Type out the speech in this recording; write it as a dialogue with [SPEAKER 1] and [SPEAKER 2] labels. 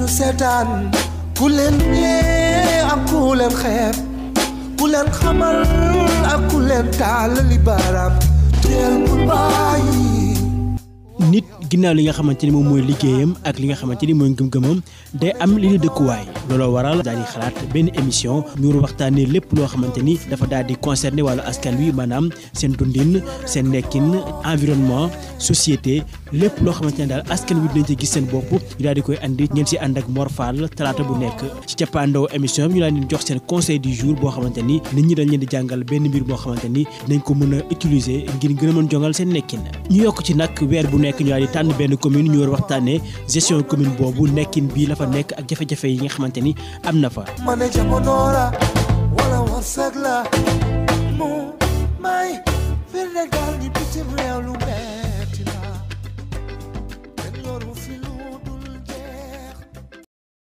[SPEAKER 1] ñu seetaan
[SPEAKER 2] ku leen yee ak ku leen xeeb ku leen xamal ak ku leen taal li baaraam teel ku bàyyi
[SPEAKER 3] nit ginnaaw li nga xamante ni moom mooy liggéeyam ak li nga xamante ni mooy ngëm-ngëmam day am li di dëkkuwaay looloo waral daal di xalaat benn émission ñu waxtaanee lépp loo xamante ni dafa daal di concerné wàllu askan wi maanaam seen dundin seen nekkin environnement société lépp loo xamante ne daal askan wi dinañ ci gis seen bopp ñu daal di koy andi ngeen si ànd ak Mor talaata bu nekk ci cappaandaw émission bi ñu daal di jox seen conseil du jour boo xamante ni nit ñi dañ leen di jàngal benn mbir boo xamante ni dinañ ko mën a ngir gën a mën jongal seen nekkin tànn benn commune ñu war waxtaanee gestion commune boobu nekkin bii la fa nekk ak jafe-jafe yi nga xamante ni am na fa.
[SPEAKER 4] may